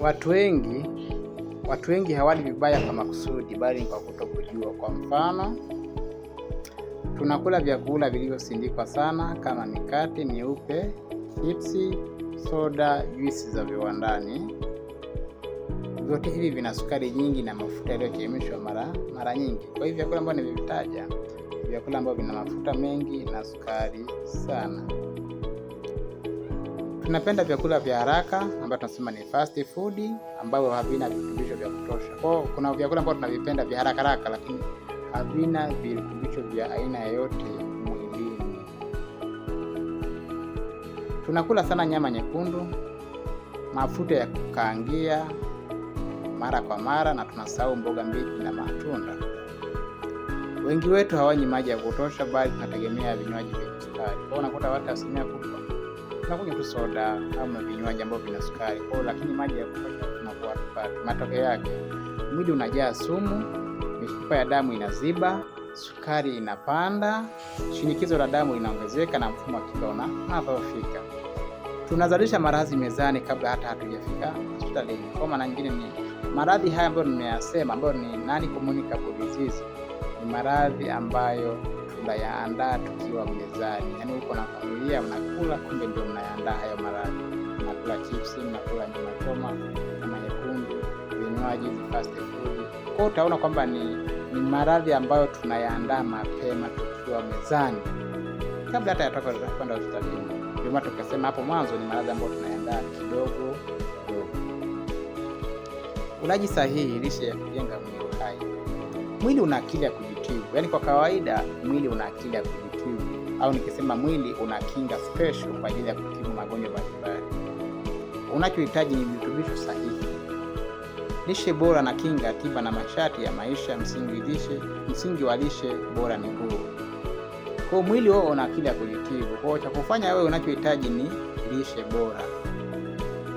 Watu wengi watu wengi hawali vibaya kwa makusudi, bali kwa kutokujua. Kwa mfano, tunakula vyakula vilivyosindikwa sana kama mikate nyeupe chipsi, soda, juisi za viwandani. Vyote hivi vina sukari nyingi na mafuta yaliyochemshwa mara mara nyingi. Kwa hivyo vyakula ambavyo nimevitaja vyakula ambavyo vina mafuta mengi na sukari sana. Tunapenda vyakula vya haraka ambavyo tunasema ni fast food ambavyo havina virutubisho vya kutosha. Kwa kuna vyakula ambavyo tunavipenda vya haraka haraka, lakini havina virutubisho vya aina yoyote mwilini. Tunakula sana nyama nyekundu, mafuta ya kukaangia mara kwa mara, na tunasahau mboga mbichi na matunda. Wengi wetu hawanyi maji ya kutosha, bali tunategemea vinywaji vyenye sukari. Kwa unakuta watu asilimia kubwa tunakunywa tu soda ama vinywaji ambavyo vina sukari kwao, lakini maji ya kutosha tunakuwa tupati. Matokeo yake mwili unajaa sumu, mifupa ya damu inaziba, sukari inapanda, shinikizo la damu linaongezeka na mfumo wa kinga unadhoofika. Tunazalisha maradhi mezani kabla hata hatujafika hospitalini. Kwa maana nyingine ni maradhi haya ambayo nimeyasema, ambayo ni non-communicable disease ni maradhi ambayo tunayaandaa tukiwa mezani, yaani uko na familia mnakula, kumbe ndio mnayaandaa hayo maradhi. Mnakula chipsi, mnakula nyama choma, nyama nyekundu, vinywaji, fast food. Kwa utaona kwamba ni, ni maradhi ambayo tunayaandaa mapema tukiwa mezani kabla hata yatoka kwenda hospitalini. Ndio maana tukasema hapo mwanzo ni maradhi ambayo tunayaandaa kidogo kidogo. Ulaji sahihi, lishe ya kujenga mwili hai. Mwili una akili ya kujenga Yaani kwa kawaida mwili una akili ya kujitibu, au nikisema mwili una kinga special kwa ajili ya kutibu magonjwa mbalimbali. Unachohitaji ni virutubisho sahihi, lishe bora na kinga tiba na masharti ya maisha msingi lishe, msingi wa lishe bora ni nguvu. Kwa mwili wao una akili ya kujitibu, kwa cha kufanya wewe unachohitaji ni lishe bora.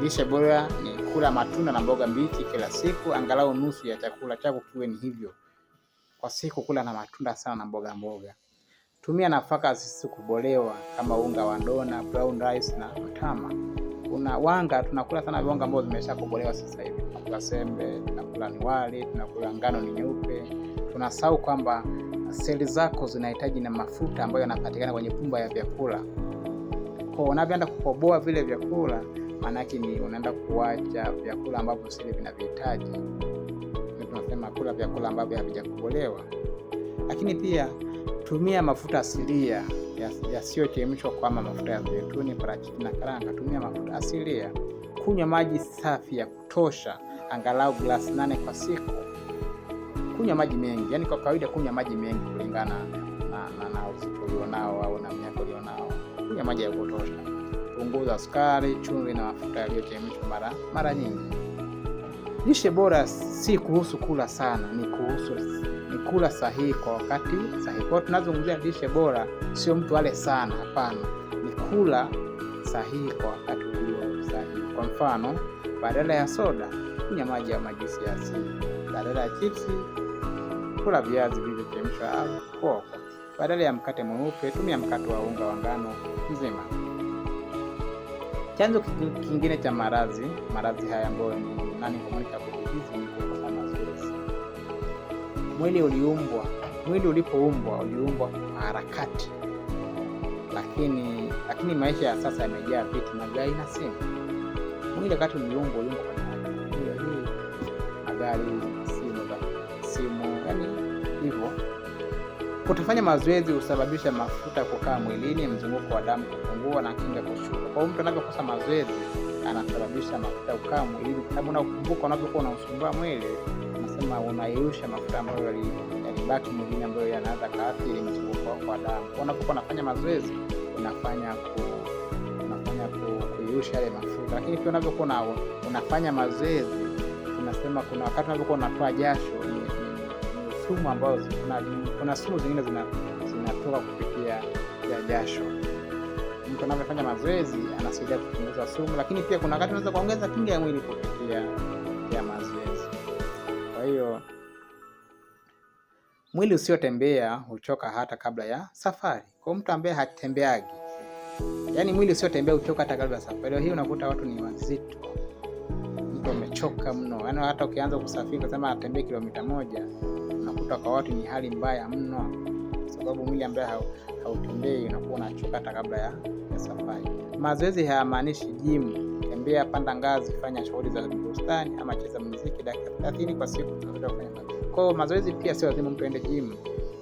Lishe bora ni kula matunda na mboga mbichi kila siku, angalau nusu ya chakula chako kiwe ni hivyo. Kwa siku kula na matunda sana na mboga mboga. Tumia nafaka zisizokobolewa kama unga wa ndona, brown rice na mtama. Kuna wanga, tunakula sana wanga ambao zimeshakobolewa sasa hivi. Tunakula sembe, tunakula ni wali, tunakula ngano ni nyeupe. Tunasahau kwamba seli zako zinahitaji na mafuta ambayo yanapatikana kwenye pumba ya vyakula. Kwa unavyoenda kukoboa vile vyakula, maanake ni unaenda kuacha vyakula ambavyo seli vinavyohitaji kula vyakula ambavyo havijakobolewa. Lakini pia tumia mafuta asilia yasiyochemshwa kama mafuta ya zeituni, parachichi na karanga. Tumia mafuta asilia. Kunywa maji safi ya kutosha, angalau glasi nane kwa siku. Kunywa maji mengi, yani kwa kawaida kunywa maji mengi kulingana na, na, na uzito ulionao au na miaka ulionao. Kunywa maji ya kutosha. Punguza sukari, chumvi na mafuta yaliyochemshwa mara mara nyingi. Lishe bora si kuhusu kula sana, ni kuhusu ni kula sahihi kwa wakati sahihi. Kwa tunazungumzia lishe bora, sio mtu ale sana, hapana, ni kula sahihi kwa wakati ulio sahihi. Kwa mfano, badala ya soda kunywa maji ya majusi ya asili, badala ya chipsi kula viazi vilivyochemshwa au kuokwa, badala ya mkate mweupe tumia mkate wa unga wa ngano mzima. Chanzo kingine cha maradhi maradhi haya ambayo ni nani ni mazoezi. Mwili uliumbwa mwili ulipoumbwa uliumbwa kwa harakati, lakini lakini maisha ya sasa yamejaa vitu, magari na simu. Mwili wakati uliumbwa uliumbwa kwa magari Kutofanya mazoezi husababisha mafuta kukaa mwilini, mzunguko wa damu kupungua na kinga kushuka. Kwa hiyo mtu anavyokosa mazoezi anasababisha mafuta kukaa mwilini, kwa sababu unakumbuka, unavyokuwa unausumbua mwili, unasema unaiusha mafuta ambayo yalibaki mwilini, ambayo yanaweza kaathiri mzunguko wako wa damu. Unapokuwa unafanya mazoezi unafanya ku unafanya kuiusha yale mafuta, lakini pia unavyokuwa unafanya mazoezi, unasema kuna wakati unavyokuwa unatoa jasho sumu ambazo kuna sumu zingine zinatoka kupitia ya jasho. Mtu anavyofanya mazoezi anasaidia kupunguza sumu, lakini pia kuna wakati unaweza kuongeza kinga ya mwili kupitia ya mazoezi. Kwa hiyo mwili usiotembea huchoka hata kabla ya safari. Kwa mtu ambaye hatembeagi, yaani mwili usiotembea huchoka hata kabla ya safari. Leo hii unakuta watu ni wazito, mtu amechoka mno, yaani hata ukianza kusafiri kusema atembee kilomita moja kuta kwa watu ni hali mbaya mno, sababu mwili ambaye hautembei unakuwa unachoka hata kabla ya, ya safari. Mazoezi hayamaanishi gym, Tembea, panda ngazi, fanya shughuli za bustani ama cheza muziki dakika 30 kwa siku. Kwa hiyo mazoezi pia sio lazima mtu aende jimu,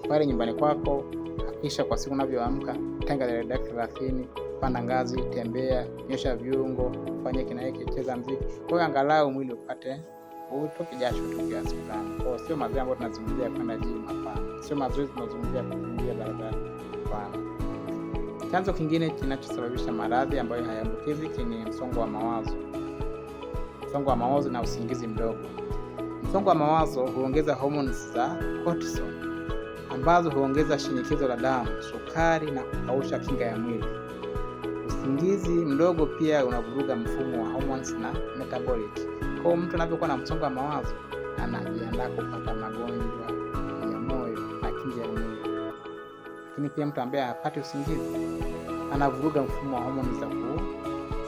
pale nyumbani kwako hakikisha kwa siku unavyoamka tenga dakika 30, panda ngazi, tembea, nyosha viungo, fanya kinaiki, cheza muziki, kwa hiyo angalau mwili upate utoke jasho tu kiasi fulani. Kwa sio mazoezi ambayo tunazungumzia kwenda gym, hapana. Sio mazoezi tunazungumzia kukimbia barabarani, hapana. Chanzo kingine kinachosababisha maradhi ambayo hayaambukiziki ni msongo wa mawazo, msongo wa mawazo na usingizi mdogo. Msongo wa mawazo huongeza homoni za cortisol ambazo huongeza shinikizo la damu, sukari na kukausha kinga ya mwili. Usingizi mdogo pia unavuruga mfumo wa homoni na metabolic kwa mtu anavyokuwa na msongo wa mawazo anajiandaa kupata magonjwa ya moyo na kinja ya mwili. Lakini pia mtu ambaye apate usingizi anavuruga mfumo wa homoni za ku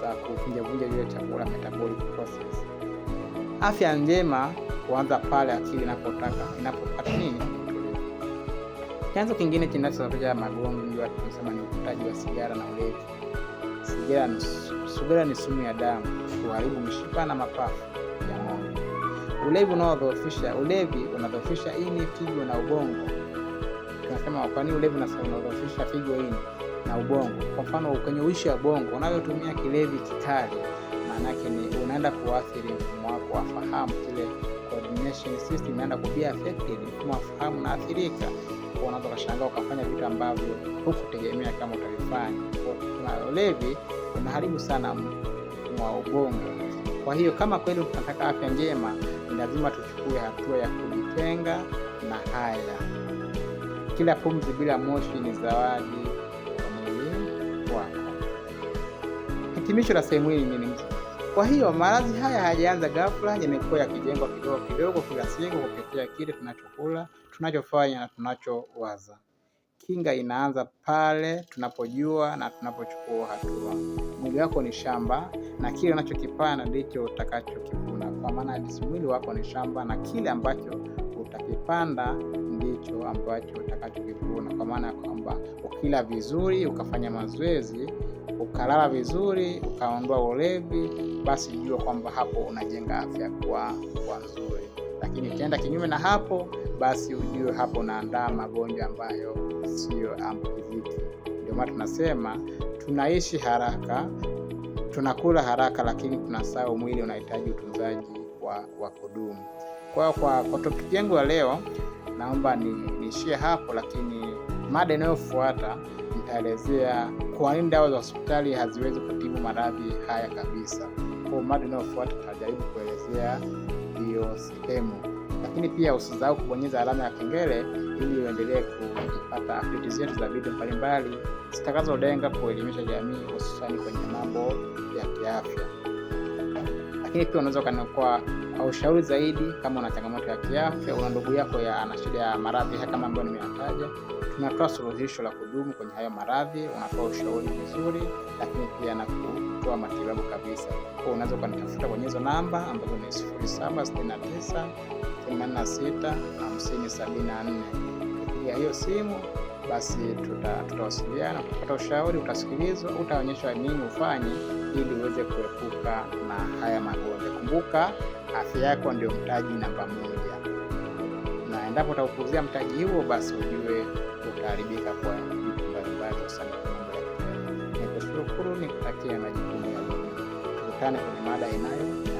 za kuvunjavunja vile chakula, metabolic process. Afya njema kuanza pale akili inapotaka inapopata nini? Chanzo kingine kinachosababisha magonjwa tunasema ni uvutaji wa sigara na ulevi. Sigara ni sumu ya damu, kuharibu mishipa na mapafu Ulevi unaodhoofisha, ulevi unadhoofisha ini, figo na ubongo. Tunasema kwa nini ulevi unadhoofisha figo, ini na ubongo? Kwa mfano, kwenye uishi wa bongo, unavyotumia kilevi kikali, maana yake ni unaenda kuathiri mfumo wako wa fahamu, kile coordination system inaenda kubia affected, mfumo wa fahamu unaathirika. Unaweza ukashangaa ukafanya vitu ambavyo hukutegemea kama utavifanya. Kwa ulevi unaharibu sana mfumo wa ubongo. Kwa hiyo kama kweli unataka afya njema ni lazima tuchukue hatua ya kujitenga na haya. Kila pumzi bila moshi ni zawadi kwa mwili wako. Hitimisho la sehemu hii ni nini? Kwa hiyo maradhi haya hayajaanza ghafla, yamekuwa yakijengwa kidogo kidogo kila siku kupitia kile tunachokula, tunachofanya na tunachowaza. Kinga inaanza pale tunapojua na tunapochukua hatua. Mwili wako ni shamba na kile unachokipanda ndicho utakachokivuna. Kwa maana hadisi, mwili wako ni shamba na kile ambacho utakipanda ndicho ambacho utakachokivuna. Kwa maana ya kwamba ukila vizuri, ukafanya mazoezi, ukalala vizuri, ukaondoa ulevi, basi jua kwamba hapo unajenga afya kwa kwa nzuri lakini ukienda kinyume na hapo, basi ujue hapo unaandaa magonjwa ambayo siyo ambukiziki. Ndio maana tunasema tunaishi haraka, tunakula haraka, lakini tunasahau mwili unahitaji utunzaji wa, wa kudumu. Kwa kwa, kwa topiki yangu ya leo naomba niishie ni hapo, lakini mada inayofuata nitaelezea kwa nini dawa za hospitali haziwezi kutibu maradhi haya kabisa. Kwa mada inayofuata tutajaribu kuelezea hiyo sehemu, lakini pia usisahau kubonyeza alama ya kengele ili uendelee kupata update zetu za video mbalimbali zitakazolenga kuelimisha jamii hususani kwenye mambo ya kiafya. Lakini pia unaweza ukaniokoa au ushauri zaidi, kama una changamoto ya kiafya, una ndugu yako ya ana shida ya maradhi kama ambayo nimeyataja, tunatoa suluhisho la kudumu kwenye hayo maradhi, unatoa ushauri vizuri, lakini pia na kutoa matibabu kabisa. Kwa unaweza ukanitafuta kwenye hizo namba ambazo ni 0769 86 hiyo simu basi tutawasiliana kupata ushauri, utasikilizwa, utaonyeshwa nini ufanye ili uweze kuepuka na haya magonjwa. Kumbuka, afya yako ndio mtaji namba moja, na endapo utaupuzia mtaji huo, basi ujue utaharibika kwa vitu mbalimbali, kwa mambo ya. Nikushukuru, nikutakia majibu tukutane kwenye mada inayo